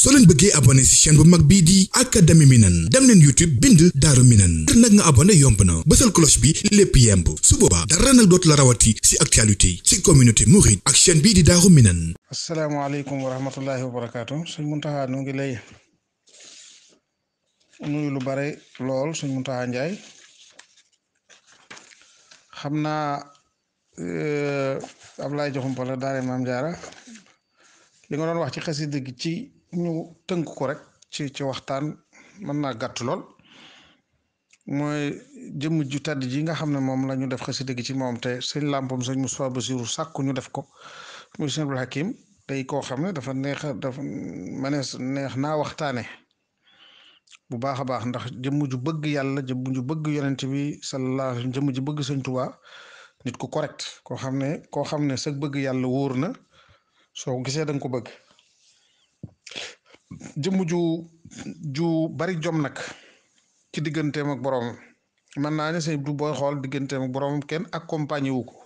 soo leen bëggee abonné ci chaîne bu mag bii di académie Minane dem leen YouTube bind Daaru Minane ngir nag nga abonné yomb na bësal cloche bi lépp yemb su boobaa dara nag dootu la rawati ci actualité ci communauté mouride ak chaîne bii di Daaru Minane. asalaamaaleykum wa rahmatulahi wa barakaatu Sëñ Muntaxa nu ngi lay nuyu lu bare lool Sëñ Muntaxa Njaay xam naa euh, Ablaye Joxum Pala daare Maam Jaara li nga doon wax ci xasida gi ci. ñu tënk ko rek ci ci waxtaan mën naa gàtt lool mooy jëmm ju tedd ji nga xam ne moom la ñu def xasida gi ci moom te sëñ làmpam sëñ Moussa Bassirou sàkku ñu def ko mu sëñ Abdul Hakim day koo xam dafa neex dafa manees neex naa waxtaane bu baax a baax ndax jëmm ju bëgg yàlla jëmm ju bëgg yonent bi sallallahu alayhi jëmm ju bëgg sëñ nit ku correct koo xam ne koo xam ne sa bëgg yàlla wóor na soo gisee da ko bëgg jëmm ju ju bari jom nag ci diggante ak borom mën naa ne sëñ du booy xool diggante ak borom kenn accompagné wu ko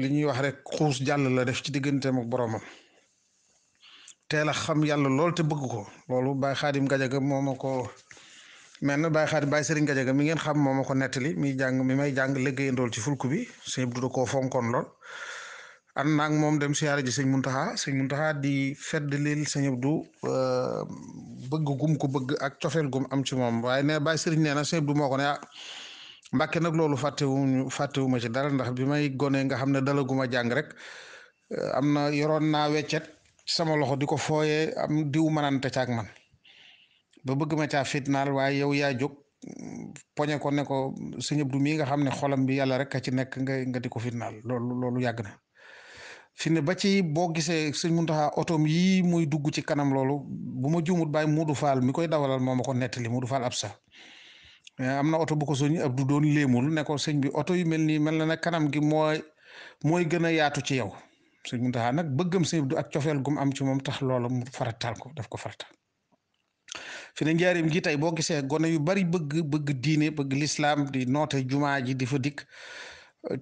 li ñuy wax rek xuus jàll la def ci digganteem ak boromam teel a xam yàlla lool te bëgg ko loolu Baye Xaadim Gajaga moo ma ko mel na Baye Xaadim Baye Serigne Gajaga mi ngeen xam moo ma ko nettali mi jàng mi may jàng liggéeyandool ci fulku bi sëñ du da koo fonkoon lool. ànd naag moom dem siyaare ji sëñ Muntaxa sëñ Muntaxa di feddlil sëñ Abdu euh, bëgg gum ko bëgg ak cofeel gum am ci moom waaye ne Baay Sëriñ nee na sëñ Abdu moo ko ne ah Mbàkke nag loolu fàttewuñu fàttewuma ci dara ndax bi may gone nga xam ne dalaguma jàng rek euh, am na yoroon naa weccet sama loxo di ko fooyee am diw mënante caak man ba bëgg ma caa fitnaal waaye yow yaa jóg poñe ko ne ko sëñ Abdu mii nga xam ne xolam bi yàlla rek a ci nekk nga nga di ko fitnaal loolu yàgg na fi ne ba ci boo gisee sëñ Muntaxa otoom yii muy dugg ci kanam loolu bu ma juumut bàyyi Modou Fall mi koy dawalal moom ma ko nettali Modou Fall ab sax eh, am na oto bu ko sëñ Abdu doon léemul ne ko sëñ bi oto yu mel nii mel na ne kanam gi mooy mooy gën a yaatu ci yow sëñ Muntaxa nag bëggam sëñ ak cofeel gum am ci moom tax loola mu farataal ko def ko farat fi ne njaarim gi tey boo gisee gone yu bari bëgg bëgg diine bëgg lislaam di noote jumaa ji di fa dikk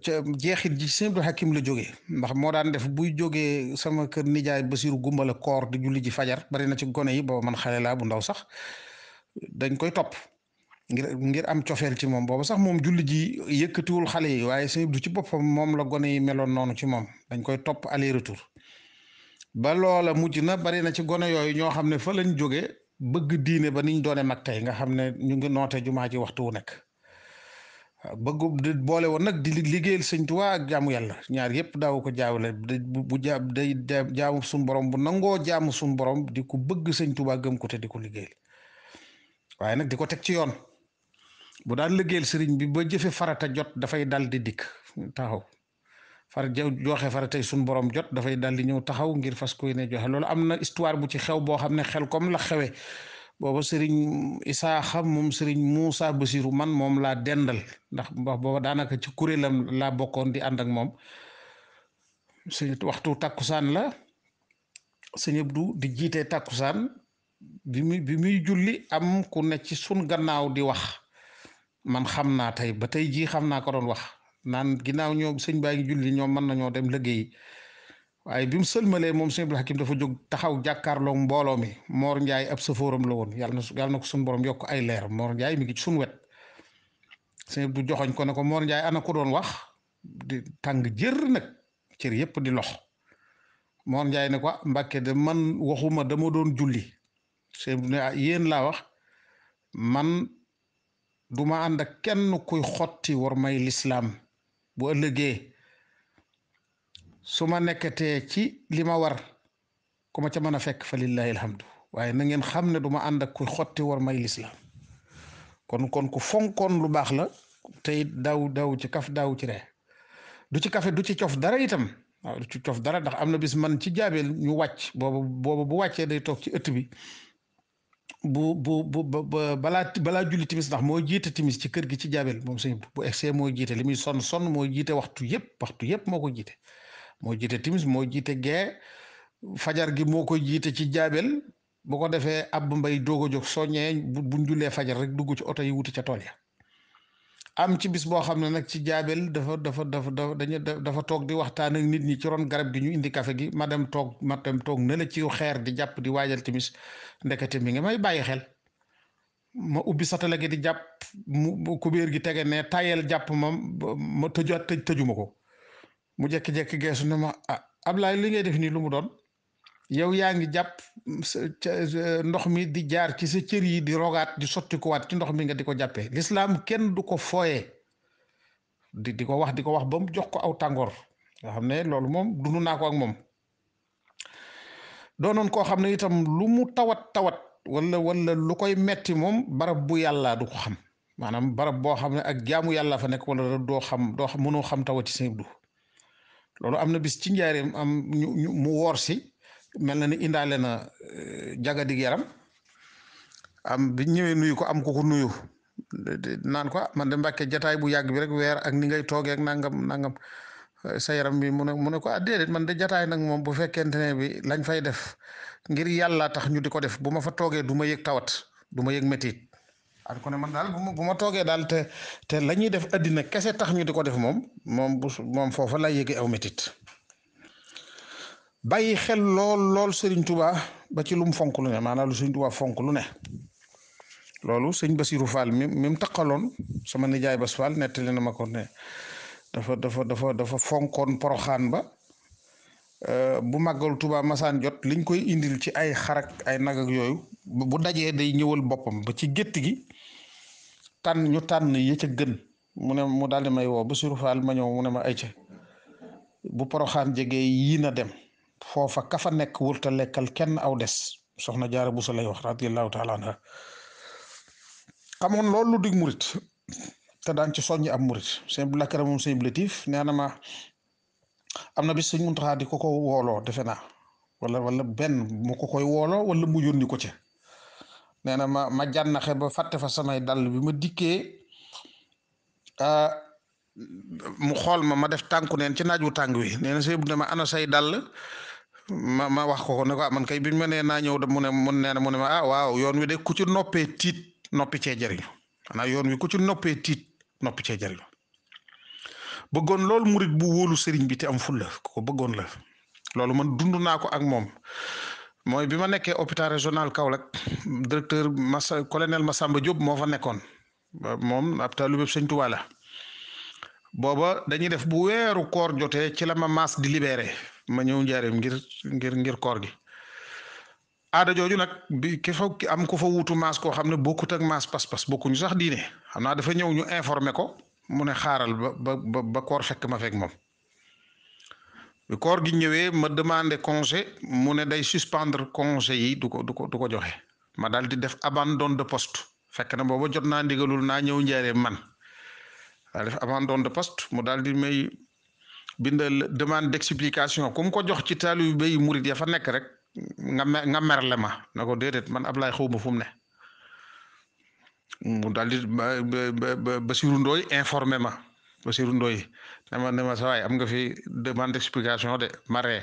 jeexit ji sëñ Abdou Hakim la jógee ndax moo daan def buy jógee sama kër nijaay Basiru Gumbala koor di julli ji fajar bari na ci gone yi booba man xale laa ndaw sax dañ koy topp ngir ngir am cofeel ci moom booba sax moom julli ji yëkkatiwul xale yi waaye sëñ Abdou ci boppam moom la gone yi meloon noonu ci moom dañ koy topp aller retour ba loola mujj na bari na ci gone yooyu ñoo xam ne fa lañ jóge bëgg diine ba niñ doone mag tey nga xam ne ñu ngi noote jumaa ji waxtu wu nekk bëggu di boole woon nag di liggéeyal sëñ Tuubaa ak jaamu yàlla ñaar yëpp daaw ko jaawale bu ja day jaamu suñu borom bu nangoo jaamu suñ borom di ko bëgg sëñ Tuubaa gëm ko di ko liggéeyal waaye nag di ko teg ci yoon bu daan liggéeyal sëriñ bi ba jëfe farata jot dafay dal di dikk taxaw far joxe faratay suñu borom jot dafay dal di ñëw taxaw ngir fas koy ne joxe loolu am na histoire bu ci xew boo xam ne xel comme la xewee booba sëriñ Isaaxa moom sëriñ Moussa Basiru man moom laa dendal ndax booba daanaka ci kuréelam laa bokkoon di ànd ak moom suñ waxtu takkusaan la sëñ du di jiite takkusaan bi muy julli am ku ne ci sun gannaaw di wax man xam naa tey ba tey jii xam naa ko doon wax naan ginnaaw ñoom sëñ baa ngi julli ñoom mën nañoo dem liggéey waaye bi mu sëlmalee moom sëñ Abdul Hakim dafa jog taxaw jàkkaarloog mbooloo mi Mor Ndiaye ab safóoram la woon yàlla na yàlla na ko suñu borom yokk ay leer Mor Ndiaye mi ngi ci suñu wet sëñ Abdul joxoñ ko ne ko Mor Ndiaye ana ko doon wax di jër nag cër yëpp di lox Mor Ndiaye ne ko ah, Mbàkke de man waxuma dama doon julli sëñ bi ne ah, yéen laa wax man duma ànd kenn kuy xotti war may lislaam boo lëgee su ma nekkatee ci li ma war ku ma ca mën a fekk fa lillahi alhamdu waaye na ngeen xam ne du ma ànd ak ku xotti war may lislaam kon kon ku fonkoon lu baax la tey daaw daaw ci kaf daaw ci ree du ci kafe du ci cof dara itam waaw ci cof dara ndax am na bis man ci jaabeel ñu wàcc boobu boobu bu wàccee day toog ci ëtt bi bu bu bu balaa balaa julli timis ndax moo jiite timis ci kër gi ci jaabeel moom sëñ bu egsee moo jiite li muy sonn sonn moo jiite waxtu yëpp waxtu yëpp moo ko jiite moo jiite timis moo jiite gee fajar gi moo koy jiite ci jaabel bu ko defee ab mbay doog a jóg soññee bu jullee fajar rek dugg ci oto yi wuti ca tool ya am ci bis boo xam ne nag ci jaabel dafa dafa dafa dañu dafa toog di waxtaan ak nit ñi ci ron garab gi ñu indi café gi ma dem toog ma toog ne la ci xeer di jàpp di waajal timis ndekete mi ngi may bàyyi xel ma ubbi satala gi di jàpp mu kubéer gi tege ne tayel jàpp ma ma tëjaat tëjuma ko. mu jekki-jekki geesu ne ma ah Ablaye li ngay def nii lu mu doon yow yaa ngi jàpp ndox mi di jaar ci sa cër yi di rogaat di sotti ko ci ndox mi nga di ko jàppee lislaam kenn du ko fooyee di di ko wax di ko wax ba mu jox ko aw tàngoor nga xam loolu moom dund naa ko ak moom doo noon koo xam ne itam lu mu tawat tawat wala wala lu koy metti moom barab bu yàlla du ko xam maanaam barab boo xam ne ak jaamu yàlla fa nekk wala doo xam doo xam mënoo xam tawati sëñ du loolu am na bis ci njaareem am ñu mu woor si mel na ni indaale na euh, jagadig yaram am bi ñëwee nuyu ko am ku ko nuyu naan ko ah, man de mbàkke jataay bu yàgg bi rek weer ak ni ngay toogee ak nangam nangam euh, sa yaram bi mu ne mu ne ko ah déedéet man de jataay nag moom bu fekkente ne bi lañ fay def ngir yàlla tax ñu di ko def bu ma fa toogee du ma yëg tawat du ma yëg métit at ko ne man daal bu ma bu ma toogee daal te te la ñuy def addina kese tax ñu di ko def moom moom bu moom foofa lay yëge aw métit bay xel lool lool sëriñ tubaa ba ci lu mu fonk lu ne maanaam lu Serigne fonk lu ne loolu sëñ Basirou Fall mi mi mu taqaloon sama nijaay Bas Fall nettali na ma ko ne dafa dafa dafa dafa fonkoon poroxaan ba. Euh, bu màggal Touba masaan jot liñ koy indil ci ay xarak ay nag yooyu bu dajee day ñëwal boppam ba ci gétt gi tànn ñu tànn ya ca gën mu daal di may woo ba sur faal ma ñëw mu ne ma ay ca bu poroxaan jege yii na dem foofa ka fa nekk wërta lekkal kenn aw des soxna jaara bu sa lay wax radiyallahu taala anha xamoon loolu lu dig murit te daan ci soññ ab murit simple la moom simple latif nee am na bis sëñ Muntaxa di ko ko wooloo defe naa wala wala benn mu ko koy wooloo wala mu yónni ko ci nee na ma ma jànnaxe ba fàtte fa samay dàll bi ma dikkee mu xool ma ma def tànku neen ci naaj wu tàng wi nee na sëñ bi dama ana say dàll ma ma wax ko ko ne ah, man kay biñ ma nee naa ñëw de mu ne mu nee na mu ne ma ah waaw yoon wi de ku ci noppee tiit noppi cee jëriñu maanaam yoon wi ku ci noppee tiit noppi cee jëriñu bëggoon loolu murit bu wóolu sëriñ bi te am ful la ko bëggoon la loolu man dund naa ko ak moom mooy bi ma nekkee hôpital régional Kaolack directeur Massa colonel Massamba Diop moo fa nekkoon moom ab lu Sëñ Tuubaa la booba dañuy def bu weeru koor jotee ci la ma maas di libéré ma ñëw njaareem ngir ngir ngir koor gi aada jooju nag bi ki fa am ku fa wuutu maas koo xam ne bokkut ak maas pas-pas bokkuñu sax diine xam naa dafa ñëw ñu informé ko mu ne xaaral ba ba ba koor fekk ma fekk moom bi koor gi ñëwee ma demandé congé mu ne day suspendre congé yi du ko du ko du ko joxe ma daal di def abandon de poste fekk na booba jot naa ndigalul naa ñëw njaareem man daal def abandon de poste mu daal di may bindal demande d'explication ku mu ko jox ci taalibe yi murit ya fa nekk rek nga mer nga merle ma na ko déedéet man Ablaye xawma fu mu ne mu daal di ba ba Basirou Ndoye informé ma siru Ndoye ne ma ne am nga fi demande d'explication de maree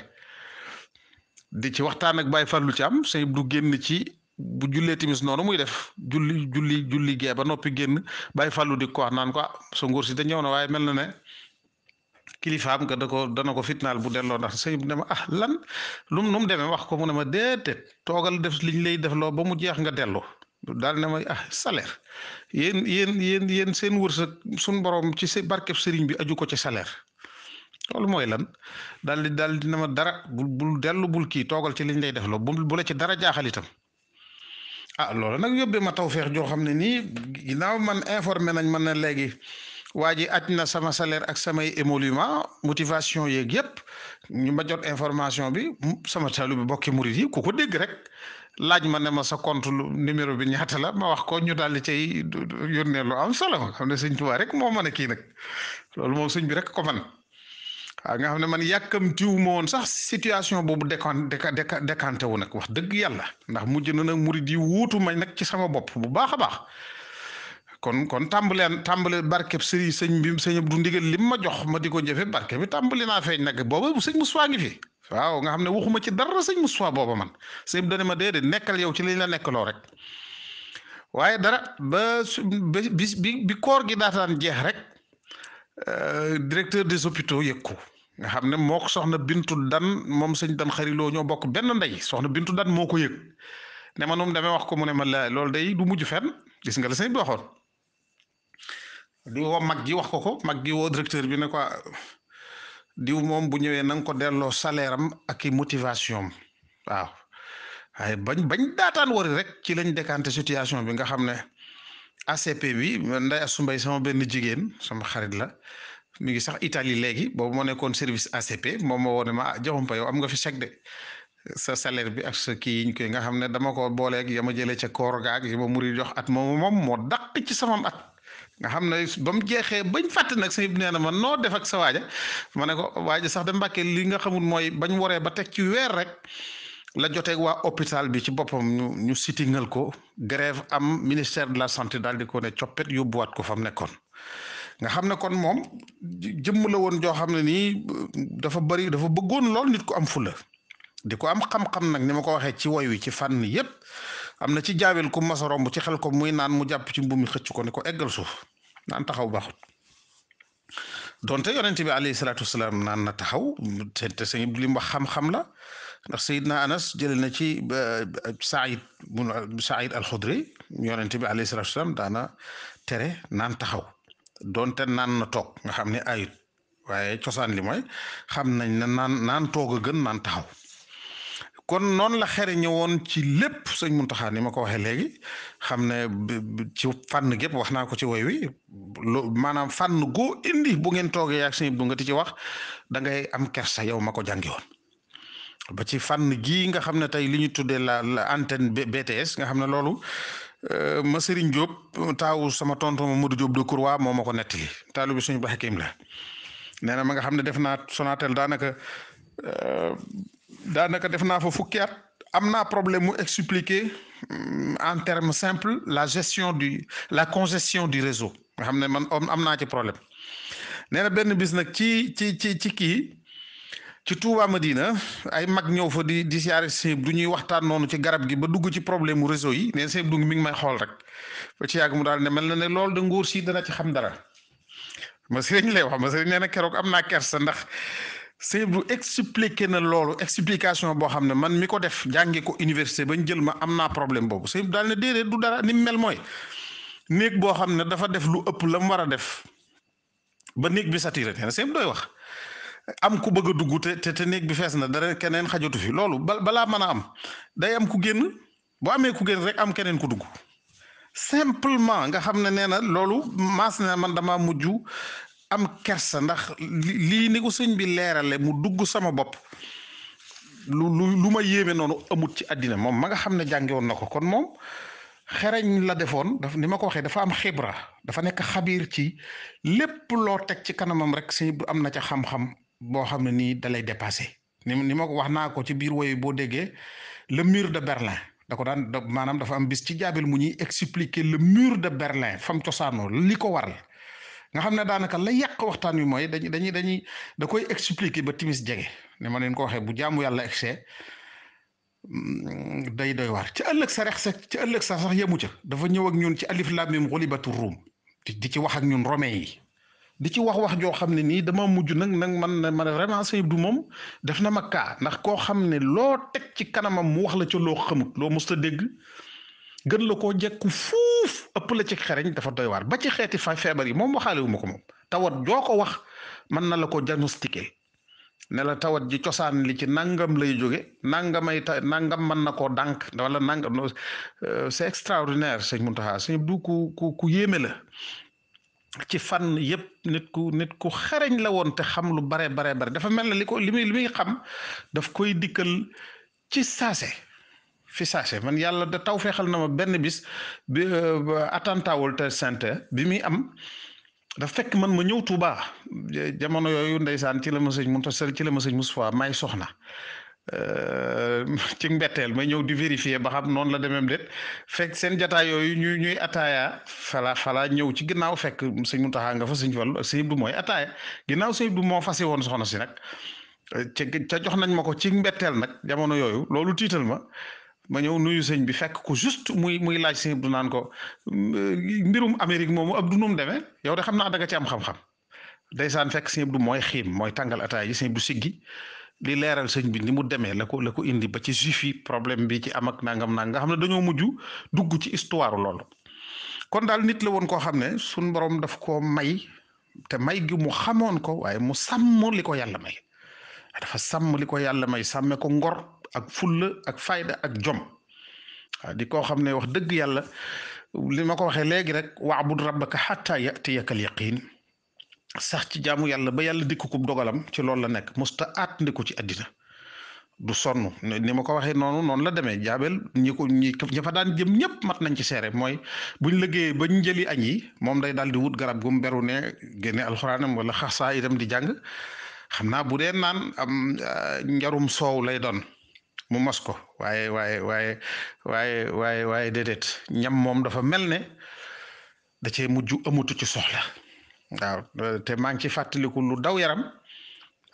di ci waxtaan ak Baye Fallou Thiam sëñ du génn ci bu jullee timis noonu muy def julli julli julli ba noppi génn Baye fallu di ko naan ko ah sa nguur si da ñëw na waaye mel na ne kilifaam nga da ko dana ko fitnaal bu delloo ndax sëñ bi ne ma ah lan lum nu mu wax ko mu ne ma déedéet toogal def liñ lay def loo ba mu jeex nga dellu daal ne may ah salaire yéen yéen yéen yéen seen wërsëg suñ borom ci si barkeb sëriñ bi aju ko ci saleer loolu mooy lan daal di daal di na ma dara bul bul dellu bul kii toogal ci liñ lay def la bu bu la ci dara jaaxal itam ah loolu nag yóbbee ma taw feex joo xam ne nii ginaaw man informé nañ man na léegi waa ji aj na sama salaire ak samay émoluments motivation yeeg yëpp ñu ma jot information bi sama taalibe bi bokki murit yi ku ko dégg rek laaj ma ne ma sa compte lu numéro bi ñaata la ma wax koo ñu daal di cay yónnee lu am solo xam ne sëñ Tuubaa rek moo man a kii nag loolu moom sëñ bi rek ko man waaw nga xam ne man yàkkamtiwu ma woon sax situation boobu décon décanté wu nag wax dëgg yàlla ndax mujj na nag murid yi wuutu ma nag ci sama bopp bu baax a baax. kon kon tàmbaleen tàmbale barkeb sëriñ sëñ mbi sëñ Abdu ndigal lim ma jox ma di ko jëfe barke bi tàmbali naa feeñ nag booba sëñ Moussa ngi fi waaw nga xam ne waxuma ci dara sëñ Moussa booba man sëñ dana ma déedéet nekkal yow ci liñ la nekkaloo rek dara ba su bi bi koor gi daataan jeex rek euh, directeur des hôpitaux yëg ko nga xam ne moo soxna Bintu Dan moom sëñ Dan xariloo ñoo bokk benn ndey soxna Bintu Dan moo ko yëg ne ma nu mu wax ko mu ne ma la loolu day du mujj fen gis nga la sëñ bi di mag gi wax ko ko mag gi woo directeur bi ne ko diw moom bu ñëwee na ko delloo salaire am ak i motivation waaw waaye bañ bañ daataan wari rek ci lañ décanté situation bi nga xam ne ACP bi Ndeye Assou Mbaye sama benn jigéen sama xarit la mi ngi sax Italie léegi boobu moo nekkoon service ACP moom moo woo ne ma ah, joxumpa yow am nga fi chèque de sa salaire bi ak sa kii yiñ koy nga xam ne dama ko booleeg yama jëlee ca koor gaag yama muri jox at moom moom moo dàq ci samam at nga xam ne ba mu jeexee bañ fàtte nag sëñ nee na ma noo def sa waaja ma ne ko waaja sax de mbàkke nga xamul mooy bañ waree ba teg ci weer rek la joteeg waa hôpital bi ci boppam ñu ñu sitingal ko grève am ministère de la santé daal di ko ne coppet yóbbuwaat ko fa mu nekkoon nga xam ne kon moom jëmm la woon joo xam ne nii dafa bëri dafa bëggoon lool nit ko am fula di ko am xam-xam nag ni ma ko waxee ci woy wi ci fànn yépp am na ci jaawil ku mas a ci xel ko muy naan mu jàpp ci mbumi xëcc ko ne ko eggal suuf naan taxaw baaxut donte yonent bi alayhi salaatu wasalaam naan na taxaw te te sëñ bi la ndax Seydina Anas jëlee na ci Saïd mun Saïd al-Xudri bi alayhi salaatu wasalaam daana tere naan taxaw donte naan na toog nga xam ne ayut waaye cosaan li xam nañ ne naan naan toog a gën naan taxaw. kon noonu la xere ñëwoon ci lépp sëñ Muntaxa ni ma ko waxee léegi xam ne ci fànn gépp wax naa ko ci woy wi loo maanaam fànn goo indi bu ngeen toogee ak sëñ nga ti ci wax da ngay am kersa yow ma ko jàngi ba ci fànn gii nga xam ne tey li ñu tuddee la la antenne BTS nga xam ne loolu euh, ma Sëriñ Diop taawu sama tonton Modou Diop de Courwa moo ma ko nettali taalu bi suñu ba Hakim la na xam ne def naa Sonatel daanaka. Euh, daanaka def naa fa fukki at am naa problème mu expliquer mm, en terme simples la gestion du la congestion du réseau nga xam ne man am naa ci problème nee na benn bis nag ci ci ci ci kii ci Touba diina ay mag ñëw fa di di siyaare sëñ du ñuy waxtaan noonu ci garab gi ba dugg ci problème mu réseau yi nee na sëñ du mi may xool rek ba ci yàgg mu daal ne mel na ne loolu de nguur si dana ci xam dara ma sëriñ lay wax ma sëriñ nee na keroog am naa kersa ndax. Sëñ bu expliqué na loolu explication boo xam ne man mi ko def jànge ko université bañ jël ma am naa problème boobu sëñ daal ne déedéet du dara ni mel mooy néeg boo xam ne dafa def lu ëpp la mu war a def ba néeg bi saturé nee na sëñ wax am ku bëgg a dugg te te néeg bi fees na dara keneen xajatu fi loolu balaa mën a am day am ku génn boo amee ku génn rek am keneen ku dugg simplement nga xam ne nee na loolu mas na man dama mujj am kersa ndax lii ni ko sëñ bi leerale mu dugg sama bopp lu lu lu ma yéeme noonu amut ci àddina moom ma nga xam ne jànge na ko kon moom xereñ la defoon daf ni ma ko waxee dafa am xibra dafa nekk xabiir ci lépp loo teg ci kanamam rek sëñ bi am na ca xam boo xam ne nii dalay dépassé ni ni ma ko wax naa ko ci biir woyu boo déggee le mur de Berlin da ko daan maanaam dafa am bis ci jaabel mu ñuy expliquer le mur de Berlin fam cosaanoo li ko waral nga xam ne daanaka la yàq waxtaan wi mooy dañuy dañuy dañuy da koy expliquer ba timis jege ne ma leen ko waxee bu jaamu yàlla egsee mm, day doy waar ci ëllëg sa rex ci ëllëg sa sax yemu ca dafa ñëw ak ñun ci alif lam mim xulibatu ruum di ci wax ak ñun romain yi di ci wax wax joo xam ne nii dama mujj nag nag man man vraiment Sëy Abdu moom def na ma kaa ndax koo xam ne loo teg ci kanamam mu wax la ca loo xamut loo mës a dégg gën la koo jekku fuuf ëpp la ci xereñ dafa doy waar ba ci xeeti fa feebar yi moom waxaale wu ko moom tawat joo ko wax mën na la ko diagnostiqué ne la tawat ji cosaan li ci nangam lay jóge nangamay ta nangam mën na koo dànk wala nangam euh, c'est extraordinaire sëñ Muntaxa sëñ du ku ku ku yéeme la ci fan yëpp nit ku nit ku xereñ la woon te xam lu bare bare bare dafa mel na li ko li muy li muy xam daf koy dikkal ci saase fi saase man yàlla da taw feexal na ma benn bis bi euh, attentat World Trade Center bi muy am da fekk man ma ñëw Touba jamono yooyu ndeysaan ci la ma sëñ Muntaxa ci la ma sëñ Moustapha may soxna euh, ci mbetteel may ñëw di vérifier ba xam noonu la demem déet fekk seen jataay yooyu ñuy ñuy ataaya fala fala ñëw ci ginnaaw fekk sëñ Muntaxa nga fa sëñ Fallu ak sëñ Abdu mooy ataaya ginnaaw sëñ Abdu moo fase woon soxna si nag ca ca jox nañ ma ko ci mbetteel nag jamono yooyu loolu tiital ma ma ñëw nuyu sëñ bi fekk ko juste muy muy laaj sëñ Abdou naan ko mm, mbirum Amérique moom Abdou nu mu demee yow de xam naa da nga ci am xam-xam ndeysaan fekk sëñ Abdou mooy xiim mooy tàngal ataay yi sëñ siggi li leeral sëñ bi ni mu demee la ko la ko indi ba ci juif yi problème bi ci amak ak nangam naa nga xam ne dañoo mujj dugg ci histoire loolu kon daal nit la woon koo xam ne sun mboroom daf koo may te may gi mu xamoon ko waaye mu sàmm li ko yàlla may dafa sàmm li ko yàlla may sàmme ko ngor. ak fulla ak fayda ak jom waaw di koo xam ne wax dëgg yàlla li ma ko waxee léegi rek waabud rabbaka xatta yatiyakal yaqin sax ci jaamu yàlla ba yàlla dikku ko dogalam ci loolu la nekk musta aat ndiku ci àddina du sonn ni ma ko waxee noonu noonu la demee jaabel ñi ko ñi daan jëm ñëpp mat nañ ci seere mooy buñ ba bañ jëli añ yi moom day daal di wut garab gu mu beru ne génne alxuraanam wala xasaa itam di jàng xam naa bu dee naan am euh, njarum soow lay doon mu mos ko waaye waaye waaye waaye waaye waaye déedéet ñam moom dafa mel ne da cee mujj amatu ci soxla waaw te maa ngi ci fàttaliku lu daw yaram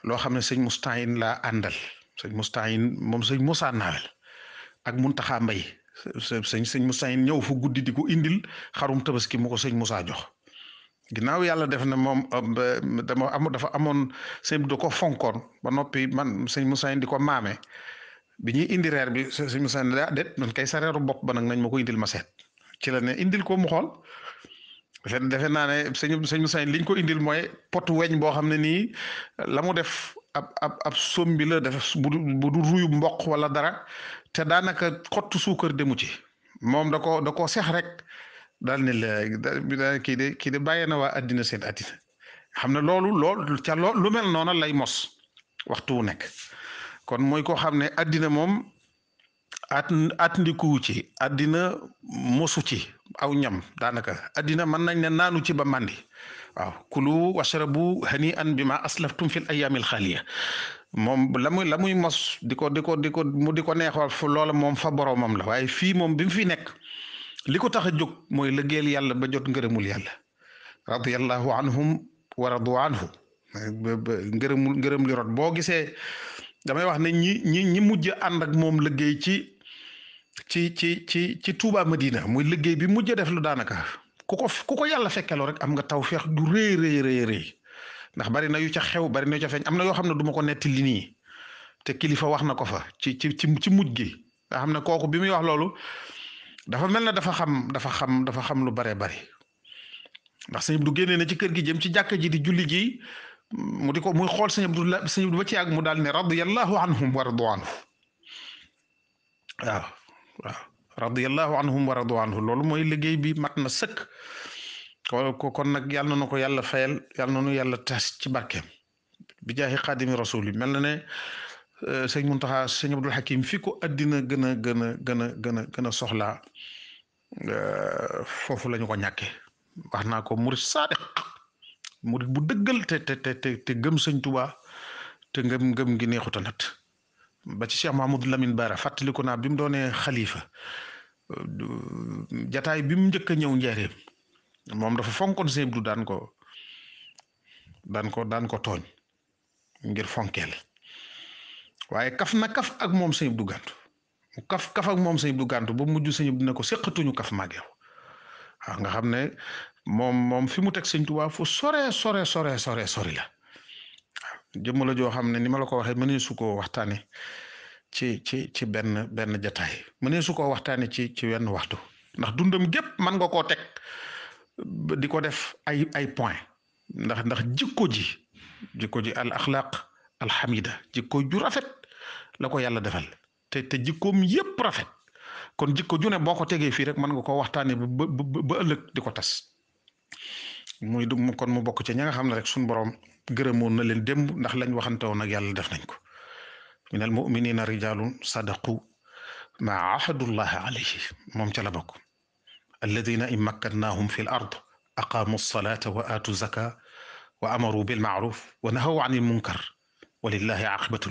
loo xam ne sëñ Mustahin laa àndal sëñ Mustahin moom sëñ Moussa Nawel ak Muntaxa Mbay sëñ sëñ Mustahin ñëw fu guddi di ko indil xarum tabaski mu ko sëñ Moussa jox ginnaaw yàlla def na moom dama am dafa amoon sëñ bi ko fonkoon ba noppi man sëñ Mustahin di ko maame bi ñuy indi reer bi suñ mu sànni ah déet man kay sareeru bopp ba nag nañ ma ko indil ma seet ci la ne indil ko mu xool defe defe naa ne sëñ sëñ Moussa liñ ko indil mooy pot weñ boo xam ne nii la mu def ab ab ab somme bi la def bu bu ruyu mboq wala dara te daanaka xottu suukar demu ci moom da ko da koo sex rek daal ne la kii de kii de bàyyee na waa addina seen addina xam ne loolu loolu ca loolu lu mel noona lay mos waxtu wu nekk. kon mooy koo xam ne addina moom at at ci addina mosu ci aw ñam daanaka addina mën nañ ne naanu ci ba màndi waaw kulu washrabu hani an bi ma aslaftum fil ayamil xaaliya moom la muy la muy mos di ko di di ko mu di neexool fu loola moom fa boroomam la waaye fii moom bi fi nekk li ko tax a jóg mooy lëggeel yàlla ba jot ngërëmul yàlla radiyallahu anhum wa radu anhu ngërëmul ngërëm li boo gisee damay wax ne ñi ñi ñi mujj ànd ak moom liggéey ci ci ci ci ci Touba Medina muy liggéey bi mujj def lu daanaka ku ko ku ko yàlla fekkeloo rek am nga taw feex du rëy rëy rëy ndax bari na yu ca xew bari na yu ca feeñ am na yoo xam ne du ma ko netti li nii te kilifa wax na ko fa ci ci ci ci mujj gi nga xam ne kooku bi muy wax loolu dafa mel na dafa xam dafa xam dafa xam lu bare bari ndax sëñ du génnee na ci kër gi jëm ci jàkka ji di julli ji mu di ko muy xool sëñ Abdu sëñ Abdu ci yàgg mu daal ne radiyallahu anhum wa radu anhu waaw waaw radiyallahu anhum war radu anhu loolu mooy liggéey bi mat na sëkk ko kon nag yàlla na ko yàlla fayal yàlla noonu nu yàlla tas ci barkeem bi jaahi xaadimi mel na ne euh, sëñ Muntaxa sëñ Abdul Hakim fi ko addina gën a gën a gën a gën a gën a soxlaa euh, foofu la ko ñàkkee wax naa ko murid sadiq murit bu dëggal te te te gëm sëñ te ngëm ngëm gi neexuta nat ba ci Cheikh Mahamadou Lamine Bara fàttaliku naa bi mu doonee xalifa jataay bi mu njëkk a ñëw njareem moom dafa fonkoon sëñ Abdu daan ko daan ko daan ko tooñ ngir fonkeel waaye kaf na kaf ak moom sëñ Abdu Gàntu mu kaf kaf ak moom sëñ Abdu Gàntu ba mujj sëñ Abdu ne ko séqatuñu kaf maag waaw nga xam ne moom moom fi mu teg sëñ Tuubaa fu sore sore sore sore sori la waaw jëmm joo xam ne ni ma la ko waxee mënee su koo waxtaane ci ci ci benn benn jataay mënee su koo waxtaane ci ci wenn waxtu ndax dundam gépp mën nga koo teg di ko def ay ay point ndax ndax jikko ji jikko ji al axlaq alxamida jikko ju rafet la ko yàlla defal te te yépp rafet kon jikko ju ne boo ko tegee fii rek mën nga koo waxtaanee ba ba ba ëllëg di ko tas muy du kon mu bokk ci ña nga xam ne rek suñu borom gërëmoon na leen démb ndax lañ waxante woon ak yàlla def nañ ko minal muminina rijalun sadaqu ma ahadullah alayhi moom ca la bokk alladina in makkannahum fi l ard aqaamu salata wa aatu zaka wa amaru bil maaruf wa nahaw anil munkar walillahi aayaat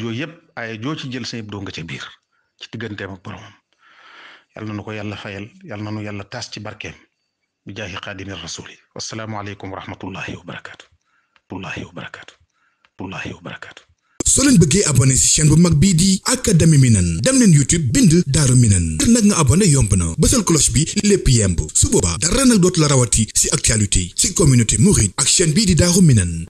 yooyu yëpp aaya joo ci jël sa yëpp doo nga ca biir ci digganteem ak boromam yal na nu ko yàlla fayal yal na nu yàlla taas ci barkeem bi jaahi xaadimi rasuli wasalaamualeykum wa rahmatullahi wa barakaatu. tullahi wa barakaatu. tullahi wa barakaatu. soo leen bëggee abonné ci chaîne bu mag bii di Académie Minane dem leen YouTube bind Daaru Minane ngir nag nga abonné yomb na bësal cloche bi lépp yemb su boobaa dara nag dootu la rawati ci actualité ci communauté mouride ak chaîne bii di Daaru Minane